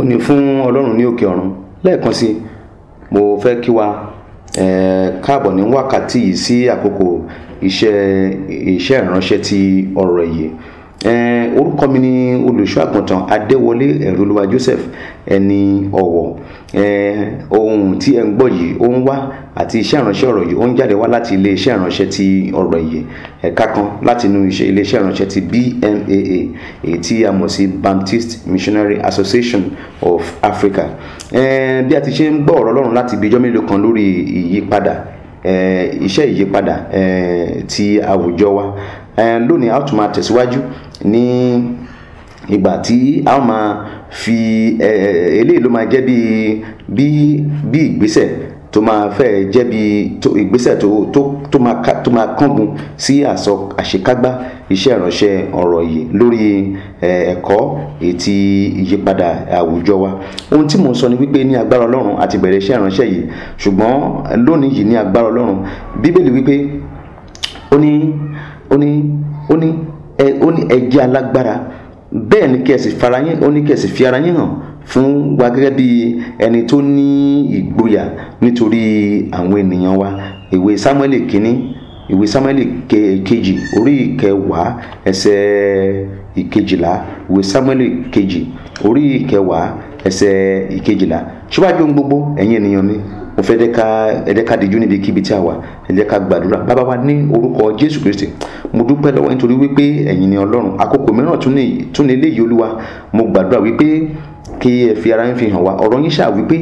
ògo ni fún ọlọ́run ní òkè ọ̀run lẹ́ẹ̀kan sí mo fẹ́ kí wa káàbọ̀ ní wákàtí yìí sí àkókò iṣẹ́ ìránṣẹ́ ti ọ̀rọ̀ ìyè orúkọ mi ni olùṣọ́ àgùntàn adéwọlé ẹ̀rọlúwa joseph ẹni ọ̀wọ̀ ohun tí ẹ ń gbọ́ yìí ó ń wá àti iṣẹ́ ìránṣẹ́ ọ̀rọ̀ yìí ó ń jáde wá láti iléeṣẹ́ ìránṣẹ́ ti ọ̀rọ̀ yìí ẹ̀ka kan láti inú iléeṣẹ́ ìránṣẹ́ ti BMAA èyí tí a mọ̀ sí Baptist Missionary Association of Africa bí a ti ṣe ń gbọ́ ọ̀rọ̀ ọlọ́run láti ibi ijọ́ mélòó kan lórí ìyípadà iṣẹ́ ìyípadà ti àwùjọ wa lónìí a ó tún máa tẹ̀síwájú ní ìgbà tí a ó máa fi eléyìí ló máa jẹ́ bí bí bí ìgbésẹ̀ tó máa fẹ́ jẹ́ bí ìgbésẹ̀ tó tó tó máa tó máa kángun sí àsọ àṣekágbá iṣẹ́ ìránṣẹ́ ọ̀rọ̀ yìí lórí ẹ̀kọ́ ètí ìyípadà àwùjọ wa ohun tí mò ń sọ ni wípé ní agbára ọlọ́run àti bẹ̀rẹ̀ iṣẹ́ ìránṣẹ́ yìí ṣùgbọ́n lónìí yìí ní agbára ọlọ́run bíbélì wípé ó ní ó ní ó ní ẹ ó ní ẹ jẹ́ alágbára bẹ́ẹ̀ ni kí ẹ sì fara yín ó ní kí ẹ sì fi ara yín hàn fún wa gẹ́gẹ́ bí ẹni tó ní ìgboyà nítorí àwọn ènìyàn wa ìwé Sámúẹ́lì kínní ìwé Sámúẹ́lì kejì orí ìkẹwàá ẹsẹ̀ ìkejìlá ìwé Sámúẹ́lì kejì orí ìkẹwàá ẹsẹ̀ ìkejìlá síwájú gbogbo ẹ̀yin ènìyàn mi mo fẹ́ ẹ̀dẹ́ka ẹ̀dẹ́ka díjú níbi kíbi tí a wà ẹ̀dẹ́ka gbàdúrà bàbá wa ní orúkọ jésù kristi mo dúpẹ́ lọ́wọ́ nítorí wípé ẹ̀yin ni ọlọ́run àkókò mìíràn tún ní eléyìí olúwa mo gbàdúrà wípé kí ẹ fi ara yín fi hàn wá ọ̀rọ̀ yín ṣáà wípé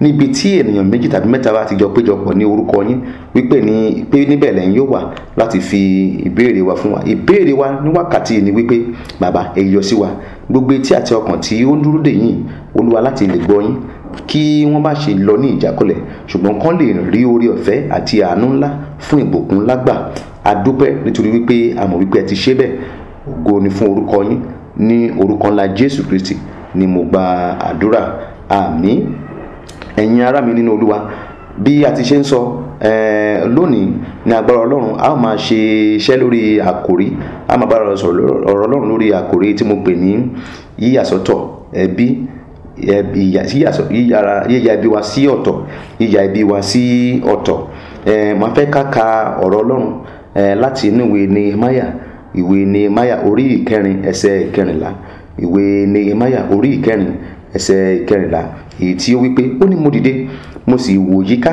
níbi tí ènìyàn méjì tàbí mẹ́ta bá ti jọ péjọpọ̀ ní orúkọ yín wípé ní pé níbẹ̀ lẹ́yìn yóò wà láti fi ìbéèrè wa fún wa ìbéèrè wa ní wákàtí ni wípé bàbá ẹ yọ sí wa gbogbo etí àti ọkàn tí ó ń dúró dè yín olúwa láti lè gbọ́ yín kí wọ́n má ṣe lọ ní ìjákulẹ̀ ṣùgbọ́n kán lè rí oore ọ̀fẹ́ àti àánú ńlá fún ìbùkún lágbà a nítorí wípé a wípé ẹ ti ṣe bẹ́ẹ̀ ògo ni fún orúkọ yín ní orúkọ ńlá Jésù Kristi ni mo gba àdúrà àmín ẹ̀yin ará mi nínú Olúwa bí a ti ṣe ń sọ lónìí ní agbára ọlọ́run a ó máa ṣe iṣẹ́ lórí àkòrí a máa bára ọ̀rọ̀ ọlọ́run lórí àkòrí tí mo pè ní yíyàsọ́tọ̀ ẹbí yíya ibi wa sí ọ̀tọ̀ yíya ibi wa sí ọ̀tọ̀ màá fẹ́ ká ka ọ̀rọ̀ ọlọ́run láti inú ìwé Nehemiah ìwé Nehemiah orí ìkẹrin ẹsẹ̀ ìkẹrìnlá ìwé Nehemiah orí ìkẹrin ẹsẹ̀ ìkẹrìnlá èyí tí ó wípé ó ní mo dìde mo sì wò yíká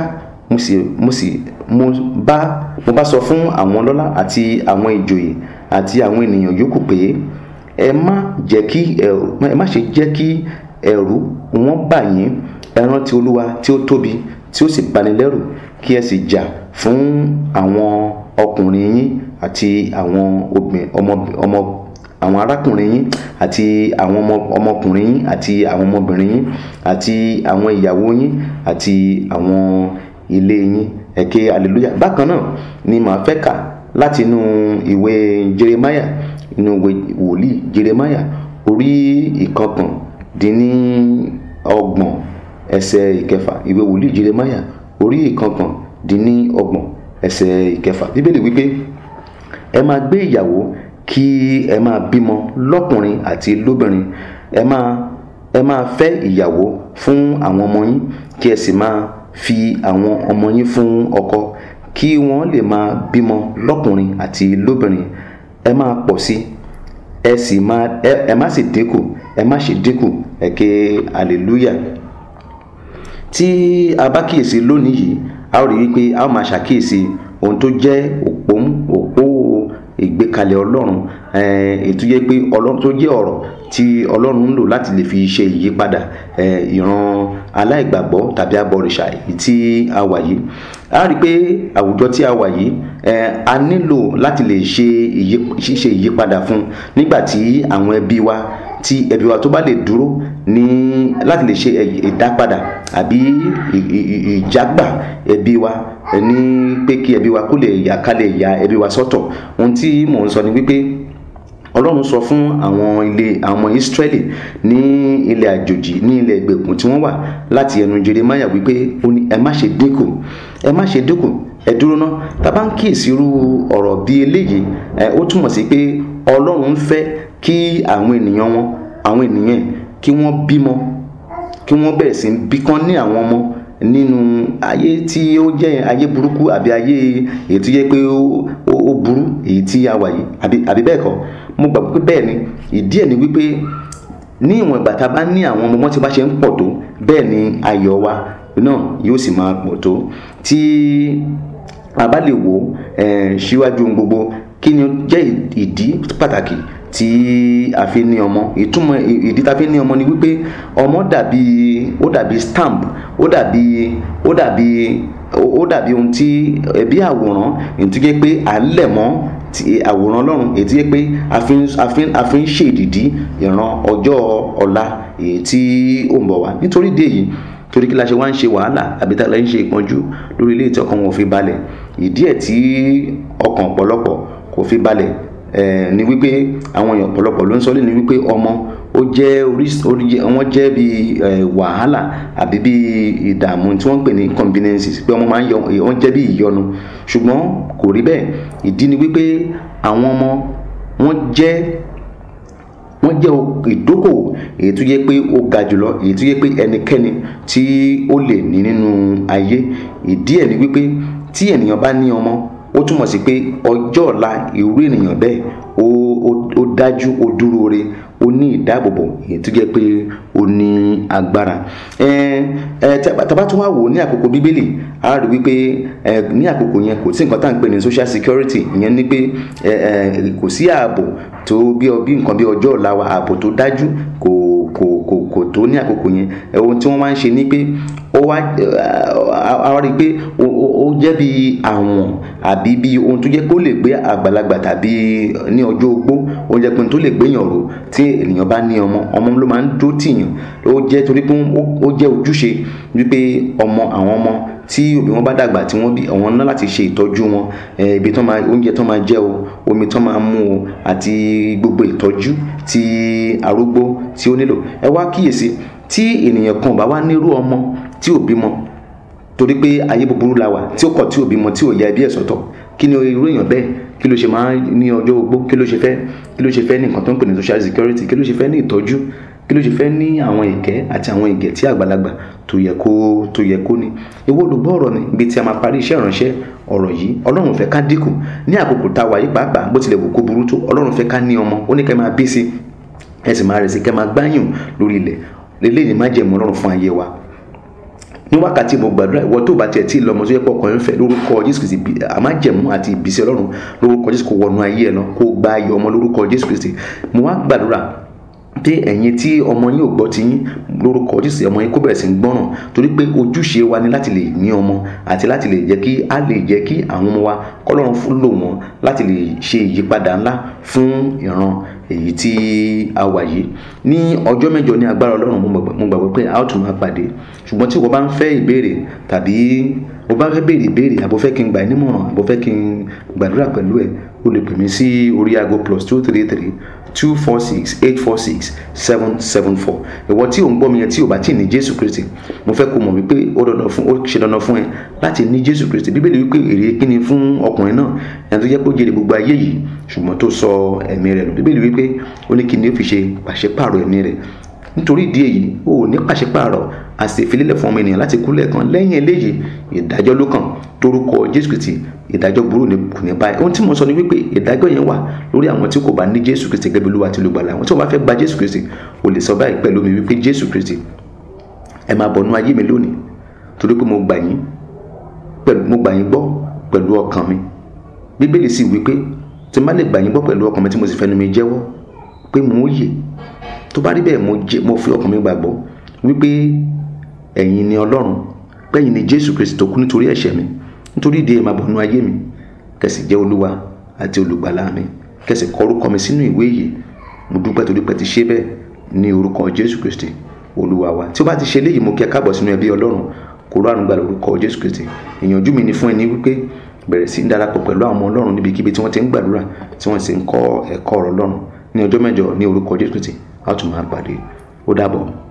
mo sì mo sì mo bá mo bá sọ fún àwọn ọlọ́lá àti àwọn ìjòyè àti àwọn ènìyàn yòókù pé ẹ má jẹ́ kí ẹ má ṣe jẹ́ kí ẹ̀rù wọn bà yín ẹ rántí olúwa tí ó tóbi tí ó sì bani lẹ́rù kí ẹ sì jà fún àwọn ọkùnrin yín àti àwọn ọmọ àwọn arákùnrin yín àti àwọn ọmọkùnrin yín àti àwọn ọmọbìnrin yín àti àwọn ìyàwó yín àti àwọn ilé yín ẹ ké aleluya bákan náà ni màá fẹ́ kà láti inú ìwé Jeremiah inú ìwé wòlíì Jeremiah orí ìkọkàn dín ní ọgbọ̀n ẹsẹ̀ ìkẹfà ìwé wòlíì jeremáyà orí ìkọkàn dín ní ọgbọ̀n ẹsẹ̀ ìkẹfà bíbélì wípé ẹ máa gbé ìyàwó kí ẹ máa bímọ lọ́kùnrin àti lóbìnrin ẹ máa ẹ máa fẹ́ ìyàwó fún àwọn ọmọ yín kí ẹ sì máa fi àwọn ọmọ yín fún ọkọ kí wọ́n lè máa bímọ lọ́kùnrin àti lóbìnrin ẹ máa pọ̀ sí i ẹ sì máa ẹ má sì dínkù ẹ má sì dínkù ẹ ké hallelujah tí a bá kíyèsí lónìí yìí a ó rí wípé a ó máa ṣàkíyèsí ohun tó jẹ́ òpó òpó ìgbékalẹ̀ ọlọ́run ètò yẹ pé ọlọ́run tó jẹ́ ọ̀rọ̀ tí ọlọ́run ń lò láti lè fi ṣe ìyípadà ìran aláìgbàgbọ́ tàbí abọ̀rìṣà tí a wà yìí a rí i pé àwùjọ tí a wà yìí a nílò láti lè ṣe ìyípadà fún nígbà tí àwọn ẹbí wa tí ẹbí wa tó bá lè dúró ní láti lè ṣe ìdápadà àbí ìjágbà ẹbí wa ní pé kí ẹbí wa kó lè yà ká lè ẹbí wa sọ́tọ̀ ohun tí mò ń sọ ni wípé ọlọ́run sọ fún àwọn ilé àwọn israẹli ní ilẹ̀ àjòjì ní ilẹ̀ ìgbèkùn tí wọ́n wà láti ẹnu jeremaya wípé ó ní ẹ má ṣe dínkù ẹ má ṣe dínkù ẹ dúró ná tá a bá ń kíyèsí irú ọ̀rọ̀ bíi eléyìí ẹ ó túmọ̀ sí pé ọlọ́run ń fẹ́ kí àwọn ènìyàn wọn àwọn ènìyàn kí wọ́n bímọ kí wọ́n bẹ̀rẹ̀ sí bí kán ní àwọn ọmọ nínú ayé tí ó jẹ́ ayé burúkú àbí ayé èyí tó jẹ́ pé ó burú èyí tí a wà yìí àbí bẹ́ẹ̀ kọ́ mo gbàgbọ́ pé bẹ́ẹ̀ ni ìdí ẹ̀ ni wípé ní ìwọ̀n ìgbà tá a bá ní àwọn ọmọ tí bá ṣe ń pọ̀ tó bẹ́ẹ̀ ni ayọ̀ wa náà yóò sì máa pọ̀ tó tí a bá lè wò ó síwájú gbogbo kí ni ó jẹ́ ìdí pàtàkì tí a fi ní ọmọ ìtumọ̀ ìdí tá fi ní ọmọ ni wípé ọmọ dàbí ó dàbí stamp ó dàbí ó dàbí ó dàbí ohun tí ẹbí àwòrán ìtújẹ́ pé à ń lẹ̀ mọ́ ti àwòrán ọlọ́run èyí tí yẹ pé a fi ń a fi ń a fi ń ṣèdìdí ìran ọjọ́ ọ̀la èyí tí ó ń bọ̀ wá nítorí dé yìí torí kí la ṣe wá ń ṣe wàhálà àbí tá a lè ń ṣe ìpọ́njú lórí ilé tí wọn ò fi balẹ̀ ìdí ẹ̀ tí ọkàn ọ̀pọ̀lọpọ̀ kò fi balẹ̀ eh, ni wípé àwọn èèyàn ọ̀pọ̀lọpọ̀ ló ń sọ lé ni wípé ọmọ ó jẹ́ oríṣi wọ́n jẹ́ bí wàhálà àbí bí ìdààmú tí wọ́n ń pè ní inconveniences pé ọmọ máa ń yọ wọ́n jẹ́ bí ìyọnu ṣùgbọ́n kò rí bẹ́ẹ̀ ìdí ni wípé àwọn ọmọ wọ́n jẹ́ wọ́n jẹ́ ìdókòwò èyí tó yẹ pé ó ga jùlọ èyí tó yẹ pé ẹnikẹ́ni tí ó lè ní nínú ayé ìdí ẹ̀ ni wípé tí ènìyàn bá ní ọmọ ó túmọ̀ sí pé ọjọ́ ọ̀la irú ènìyàn bẹ́ẹ̀ ó ó dájú ó dúró re ó ní ìdáàbòbò èyí tó jẹ́ pé ó ní agbára tàbá tó wá wò ní àkókò bíbélì a rí wípé ní àkókò yẹn kò sí nǹkan tá à ń pè ní social security ìyẹn ni pé kò sí ààbò tó bí nǹkan bí ọjọ́ ọ̀la wa ààbò tó dájú kò kò kò kò tó ní àkókò yẹn ohun tí wọ́n máa ń ṣe ni pé ó wá a rí i pé jẹ́ bi àwọ̀n àbí bí ohun tó jẹ́ pé ó lè gbé àgbàlagbà tàbí ní ọjọ́ ogbó ó jẹ́ pé ohun tó lè gbé èèyàn ró tí ènìyàn bá ní ọmọ ọmọ ló máa ń dúró tìyàn ó jẹ́ torí pé ó jẹ́ ojúṣe wípé ọmọ àwọn ọmọ tí òbí wọn bá dàgbà tí wọn bí àwọn ná láti ṣe ìtọ́jú wọn ibi tán máa oúnjẹ tán máa jẹ o omi tán máa mú o àti gbogbo ìtọ́jú tí arúgbó tí ó nílò ẹ wá kíyèsí tí ènìyàn kan bá wá nírú ọmọ tí ò bímọ torí pé ayé búburú la wà tí ó kọ̀ tí ò bímọ tí ò yẹ ẹbí ẹ̀ sọ́tọ̀ kí ni irú èèyàn bẹ́ẹ̀ kí ló ṣe máa ní ọjọ́ ogbó kí ló ṣe fẹ́ kí ló ṣe fẹ́ ní nǹkan tó ń pè ní social security kí ló ṣe fẹ́ ní ìtọ́jú kí ló ṣe fẹ́ ní àwọn ìkẹ́ àti àwọn ìgẹ̀ tí àgbàlagbà tó yẹ kó tó yẹ kó ní ewu olùgbọ́ ọ̀rọ̀ ni ibi tí a máa parí iṣẹ́ ìránṣẹ́ ọ̀rọ̀ yìí ọlọ́run fẹ́ ká dínkù ní àkókò tá a wà yìí pàápàá bó tilẹ̀ wù kó burú tó ọlọ́run fẹ́ ká ní ọmọ ó ní kẹ́ máa bí sí ẹ sì máa rẹ̀ sí kẹ́ máa gbáyùn lórí ilẹ̀ lélẹ́yìn má jẹ̀mú ọlọ́run fún ayé wa ní wákàtí mo gbàdúrà ìwọ tó bá tiẹ̀ tí ì lọ́mọ tó yẹ pọ̀ kàn ń fẹ́ lórúkọ jésù kristi àmájẹ̀mú àti ìbísí ọlọ́run lórúkọ jésù kò wọnú ayé ẹ̀ náà kó gba ayọ̀ ọmọ lórúkọ jésù kristi mo wá gbàdúrà pé ẹ̀yin tí ọmọ yín ò gbọ́ ti yín lórúkọ Jésù ọmọ yín kó bẹ̀rẹ̀ sí ń gbọ́ràn torí pé ojúṣe wa ni láti lè ní ọmọ àti láti lè jẹ́ kí a lè jẹ́ kí àwọn ọmọ wa kọ́lọ́run fún lò wọ́n láti lè ṣe ìyípadà ńlá fún ìran èyí tí a wà yìí ní ọjọ́ mẹ́jọ ní agbára Ọlọ́run mo gbàgbọ́ pé a ó tún máa pàdé ṣùgbọ́n tí wọ́n bá ń fẹ́ ìbéèrè tàbí o bá fẹ́ béèrè ìbéèrè àbò fẹ́ kí n gbà ẹ́ nímọ̀ràn àbò fẹ́ kí n gbàdúrà pẹ̀lú ẹ̀ o lè pè mí sí orí aago plus two three three two four six eight four six seven seven four ìwọ tí ò ń gbọ́ mi yẹn tí ò bá tí ì ní jésù kristi mo fẹ́ kó mọ̀ wípé ó dandan fún ó ṣe dandan fún ẹ láti ní jésù kristi bíbélì wípé èrè kíni fún ọkùnrin náà ẹni tó jẹ́ pé ó jèrè gbogbo ayé yìí ṣùgbọ́n tó sọ ẹ̀mí rẹ̀ nù bíbélì wípé ó ní kíni ó fi ṣe pàṣípààrọ̀ ẹ̀mí rẹ̀ nítorí ìdí èyí o ò ní pàṣípààrọ̀ àṣefilélẹ̀ fún ọmọ ènìyàn láti kú lẹ́ẹ̀kan lẹ́yìn eléyìí ìdájọ́ ló kàn torúkọ jésù kìtì ìdájọ́ burú ni kò ní báyìí ohun tí mo sọ ni wípé ìdájọ́ yẹn wà lórí àwọn tí kò bá ní jésù kìtì gẹ́gẹ́ bí olúwa àti olùgbàlà àwọn tí wọ́n bá fẹ́ gba jésù kìtì o lè sọ báyìí pẹ̀lú mi wípé jésù kìtì ẹ máa bọ̀nú ayé mi lónìí torí pé mo gbà yín gbọ́ pẹ̀lú ọkàn mi bíbélì sì wípé tí n bá lè gbà yín gbọ́ pẹ̀lú ọkàn mi tí mo sì fẹnu mi jẹ́wọ́ pé mò ń yè tó bá rí bẹ́ẹ̀ mo jẹ mo fi ọkàn mi gbàgbọ́ wípé ẹ̀yin ni ọlọ́run pẹ́yìn ni jésù kristi tó kú nítorí ẹ̀ṣẹ̀ mi nítorí ìdí ẹ̀ máa bọ̀ nú ayé mi kẹsì jẹ́ olúwa àti olùgbàlà mi kẹsì kọ orúkọ mi sínú ìwé yìí mo dúpẹ́ torí pé ti ṣe bẹ́ẹ̀ ní orúkọ jésù kristi olúwa wa tí o bá ti ṣe léyìí mo kí ẹ káàbọ̀ sínú ẹbí ọlọ́run kó ránu gbà lórúkọ jésù kristi ìyànjú mi ni fún ẹni wípé bẹ̀rẹ̀ sí darapọ̀ pẹ̀lú àwọn ọmọ ọlọ́run níbikíbi tí wọ́n ti ń gbàdúrà tí wọ́n sì ń kọ́ ẹ̀kọ́ ọ̀rọ̀ ọlọ́run ní ọjọ́ mẹ́jọ ní orúkọ jésù kristi a tún máa pàdé ó dàbọ̀.